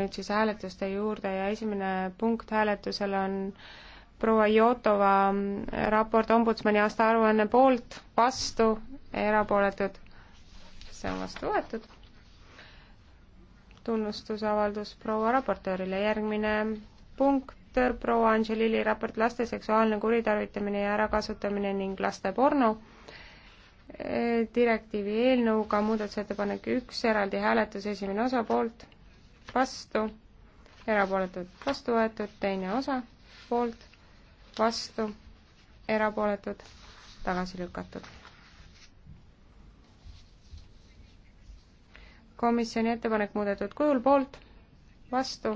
nüüd siis hääletuste juurde ja esimene punkt hääletusel on proua Jotova raport ombudsmani aastaaruanne poolt, vastu, erapooletud. see on vastu võetud. tunnustusavaldus proua raportöörile, järgmine punkt, proua Angelili raport laste seksuaalne kuritarvitamine ja ärakasutamine ning laste porno direktiivi eelnõuga muudatusettepanek üks, eraldi hääletus, esimene osa poolt vastu, erapooletud, vastu võetud, teine osa, poolt, vastu, erapooletud, tagasi lükatud. komisjoni ettepanek muudetud kujul poolt, vastu,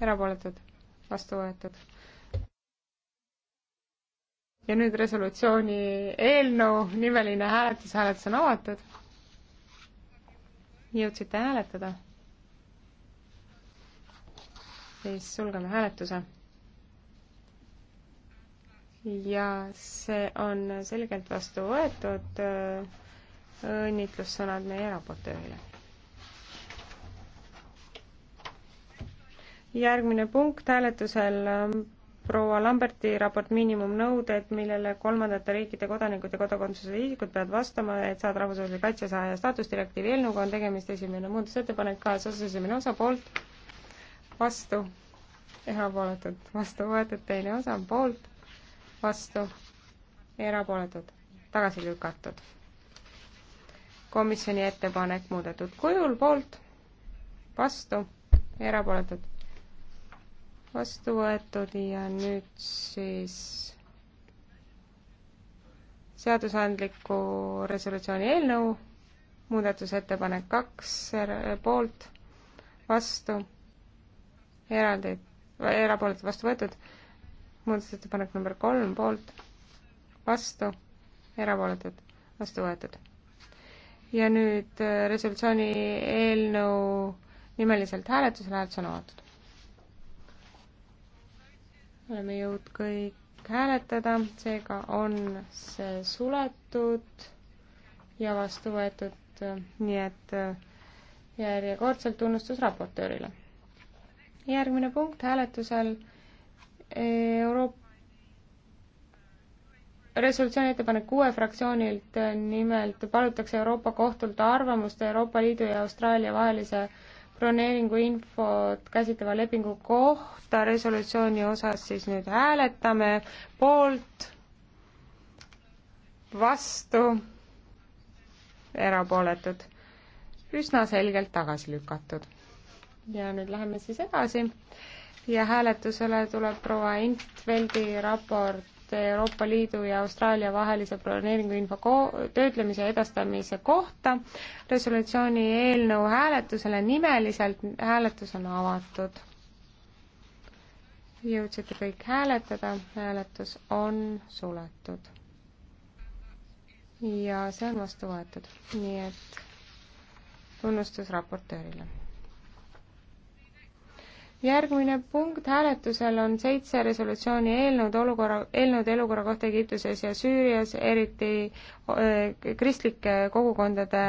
erapooletud, vastu võetud. ja nüüd resolutsiooni eelnõu nimeline hääletus, hääletus on avatud. jõudsite hääletada? siis sulgeme hääletuse. ja see on selgelt vastu võetud. Äh, õnnitlussõnad meie raportöörile. järgmine punkt hääletusel äh, proua Lamberti raport miinimumnõuded, millele kolmandate riikide kodanikud ja kodakondsusega isikud peavad vastama, et saada rahvusvahelise kaitse saaja staatusdirektiivi eelnõuga, on tegemist esimene muudatusettepanek, kaasas esimene osa poolt vastu, erapooletud, vastu võetud, teine osa on poolt, vastu, erapooletud, tagasi lükatud. komisjoni ettepanek muudetud kujul poolt, vastu, erapooletud, vastu võetud ja nüüd siis seadusandliku resolutsiooni eelnõu, muudatusettepanek kaks poolt, vastu eraldi, erapooletud vastu võetud, muudatusettepanek number kolm poolt, vastu, erapooletud, vastu võetud. ja nüüd äh, resolutsiooni eelnõu nimeliselt hääletusel, hääletus on avatud. oleme jõud kõik hääletada, seega on see suletud ja vastu võetud, äh, nii et äh, järjekordselt tunnustus raportöörile järgmine punkt hääletusel eh, Euroopa resolutsiooni ettepanek kuue fraktsioonilt, eh, nimelt palutakse Euroopa Kohtult arvamust Euroopa Liidu ja Austraalia vahelise broneeringu infot käsitleva lepingu kohta resolutsiooni osas siis nüüd hääletame poolt, vastu, erapooletud, üsna selgelt tagasi lükatud ja nüüd läheme siis edasi ja hääletusele tuleb proua Intveldi raport Euroopa Liidu ja Austraalia vahelise broneeringuinfo ko-, töötlemise ja edastamise kohta. resolutsiooni eelnõu hääletusele nimeliselt, hääletus on avatud. jõudsite kõik hääletada, hääletus on suletud. ja see on vastu võetud, nii et tunnustus raportöörile järgmine punkt hääletusel on seitse resolutsiooni eelnõud olukorra, eelnõude elukorra kohta Egiptuses ja Süürias, eriti öö, kristlike kogukondade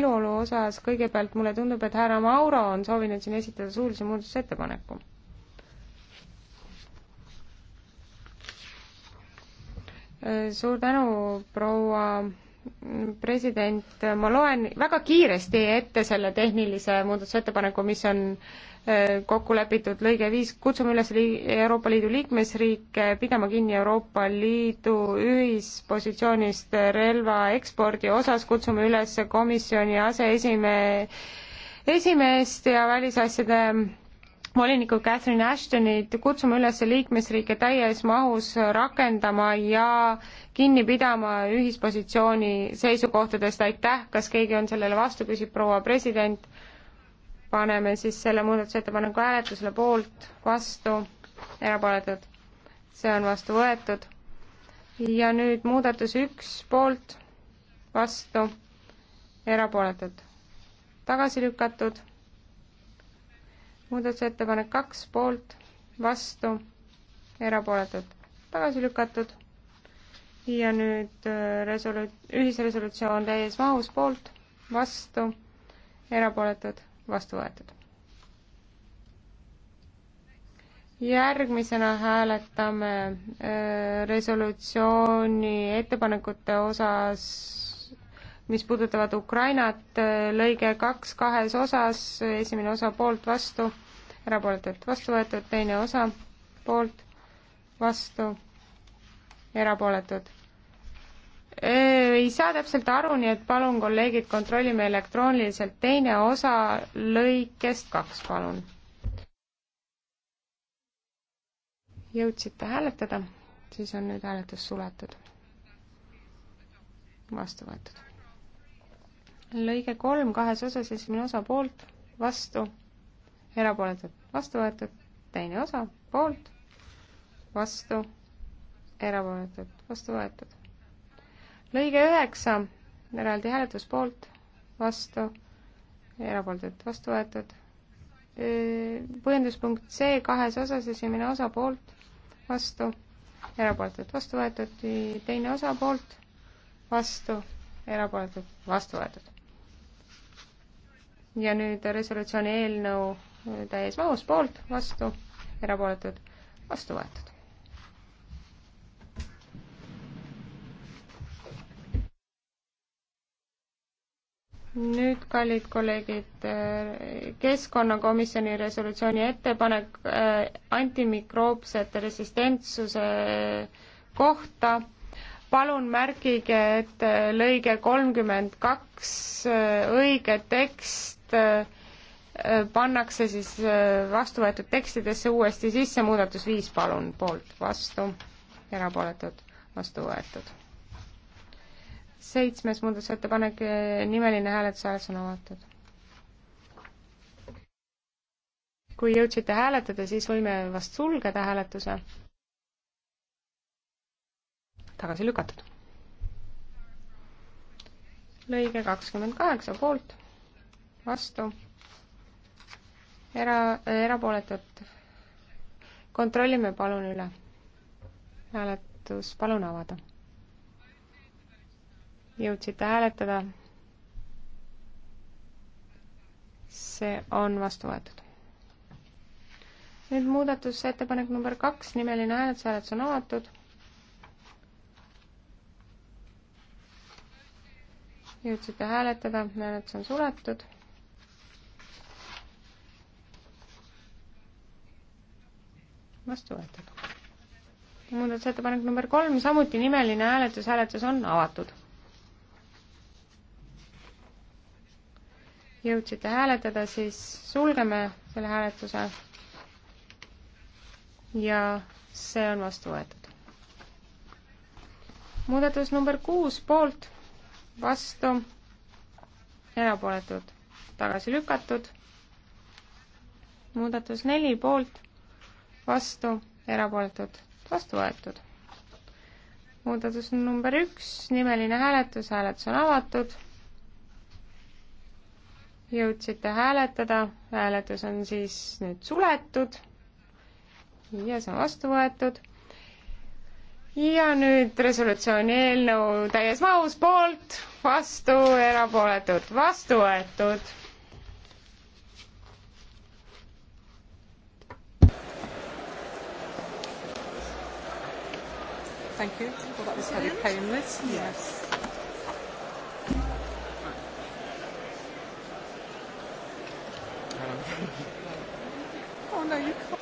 eluolu osas. kõigepealt mulle tundub, et härra Mauro on soovinud siin esitada suulise muudatusettepaneku. suur tänu, proua president, ma loen väga kiiresti ette selle tehnilise muudatusettepaneku, mis on äh, kokku lepitud, lõige viis, kutsume üles lii-, Euroopa Liidu liikmesriike pidama kinni Euroopa Liidu ühispositsioonist relva ekspordi osas, kutsume üles komisjoni aseesimehe, esimeest ja välisasjade voliniku Catherine Ashtonit kutsuma üles liikmesriike täies mahus rakendama ja kinni pidama ühispositsiooni seisukohtadest, aitäh, kas keegi on sellele vastu, küsib proua president. paneme siis selle muudatusettepaneku hääletusele poolt, vastu, erapooletud, see on vastu võetud. ja nüüd muudatus üks, poolt, vastu, erapooletud, tagasi lükatud muudatusettepanek kaks poolt, vastu, erapooletud, tagasi lükatud. ja nüüd äh, resolu-, ühisresolutsioon täies mahus poolt, vastu, erapooletud, vastu võetud. järgmisena hääletame äh, resolutsiooni ettepanekute osas mis puudutavad Ukrainat, äh, lõige kaks kahes osas, esimene osa poolt, vastu, erapooletult vastu võetud, teine osa poolt, vastu, erapooletud. Ei saa täpselt aru, nii et palun, kolleegid, kontrollime elektrooniliselt teine osa lõikest kaks, palun. jõudsite hääletada, siis on nüüd hääletus suletud, vastu võetud lõige kolm kahes osas, esimene osa poolt, vastu, erapooletud, vastu võetud, teine osa poolt, vastu, erapooletud, vastu võetud. lõige üheksa, eraldi hääletus poolt, vastu, erapooletud, vastu võetud. põhjenduspunkt C kahes osas, esimene osa poolt, vastu, erapooletud, vastu võetud, teine osa poolt, vastu, erapooletud, vastu võetud ja nüüd resolutsiooni eelnõu täies mahus poolt, vastu, erapooletud, vastu võetud. nüüd, kallid kolleegid, keskkonnakomisjoni resolutsiooni ettepanek äh, antimikroopsete resistentsuse kohta palun märkige, et äh, lõige kolmkümmend kaks äh, õige tekst äh, pannakse siis vastu võetud tekstidesse uuesti sisse, muudatus viis palun, poolt, vastu, erapooletud, vastu võetud. seitsmes muudatusettepanek, nimeline hääletus, hääletus on avatud. kui jõudsite hääletada, siis võime vast sulgeda hääletuse tagasi lükatud. lõige kakskümmend kaheksa poolt, vastu, era, erapooletut. kontrollime palun üle. hääletus palun avada. jõudsite hääletada? see on vastu võetud. nüüd muudatusettepanek number kaks, nimeline hääletus, hääletus on avatud jõudsite hääletada, hääletus on suletud. vastu võetud. muudatusettepanek number kolm, samuti nimeline hääletus, hääletus on avatud. jõudsite hääletada, siis sulgeme selle hääletuse. ja see on vastu võetud. muudatus number kuus, poolt vastu, erapooletud, tagasi lükatud. muudatus neli poolt, vastu, erapooletud, vastu võetud. muudatus number üks, nimeline hääletus, hääletus on avatud. jõudsite hääletada, hääletus on siis nüüd suletud ja see on vastu võetud ja nüüd resolutsiooni eelnõu täies mahus poolt, vastu, erapooletud, vastu võetud. Thank you. Well, that was very painless. Yes. oh no, you can't.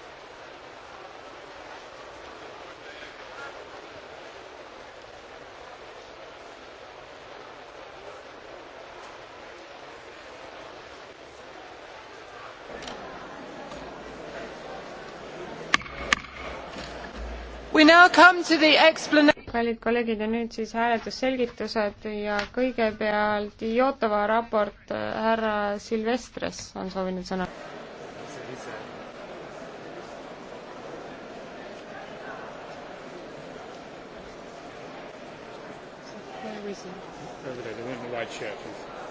kallid kolleegid ja nüüd siis hääletusselgitused ja kõigepealt Jotova raport äh, härra Silvestres on soovinud sõna. Where is he? Over there, the one in the white shirt.